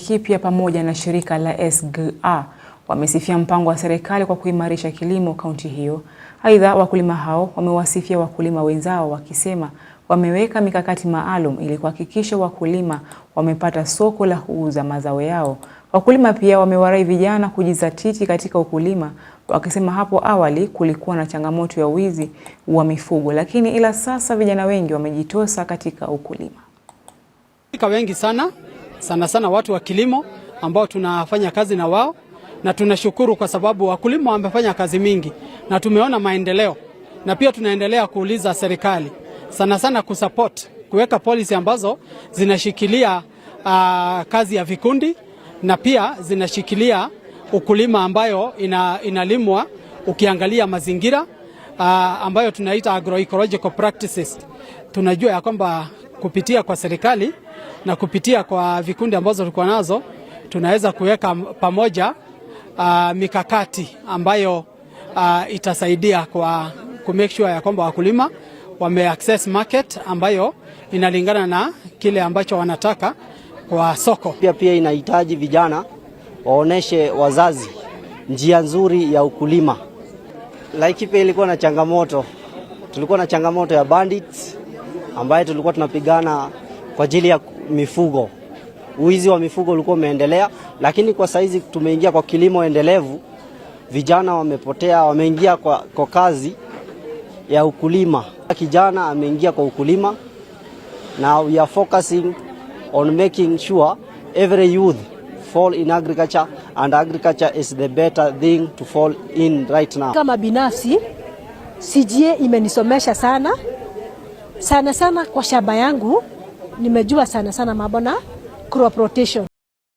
Hii pia pamoja na shirika la SGA wamesifia mpango wa serikali kwa kuimarisha kilimo kaunti hiyo. Aidha, wakulima hao wamewasifia wakulima wenzao wakisema wameweka mikakati maalum ili kuhakikisha wakulima wamepata soko la kuuza mazao yao. Wakulima pia wamewarai vijana kujizatiti katika ukulima wakisema hapo awali kulikuwa na changamoto ya wizi wa mifugo lakini ila sasa vijana wengi wamejitosa katika ukulima. Wengi sana sana sana watu wa kilimo ambao tunafanya kazi na wao, na tunashukuru kwa sababu wakulima wamefanya kazi mingi na tumeona maendeleo, na pia tunaendelea kuuliza serikali sana sana kusupport kuweka policy ambazo zinashikilia uh, kazi ya vikundi na pia zinashikilia ukulima ambayo ina, inalimwa ukiangalia mazingira uh, ambayo tunaita agroecological practices. Tunajua ya kwamba kupitia kwa serikali na kupitia kwa vikundi ambazo tulikuwa nazo tunaweza kuweka pamoja uh, mikakati ambayo uh, itasaidia kwa ku make sure ya kwamba wakulima wame access market ambayo inalingana na kile ambacho wanataka kwa soko. Pia pia inahitaji vijana waoneshe wazazi njia nzuri ya ukulima. Laikipia ilikuwa na changamoto, tulikuwa na changamoto ya bandits ambayo tulikuwa tunapigana kwa ajili ya mifugo. Uizi wa mifugo ulikuwa umeendelea, lakini kwa saizi tumeingia kwa kilimo endelevu. Vijana wamepotea, wameingia kwa, kwa kazi ya ukulima. Kijana ameingia kwa ukulima na we are focusing on making sure every youth fall in agriculture and agriculture is the better thing to fall in right now. Kama binafsi CGA imenisomesha sana sana sana kwa shamba yangu nimejua sana sana mambo na crop rotation.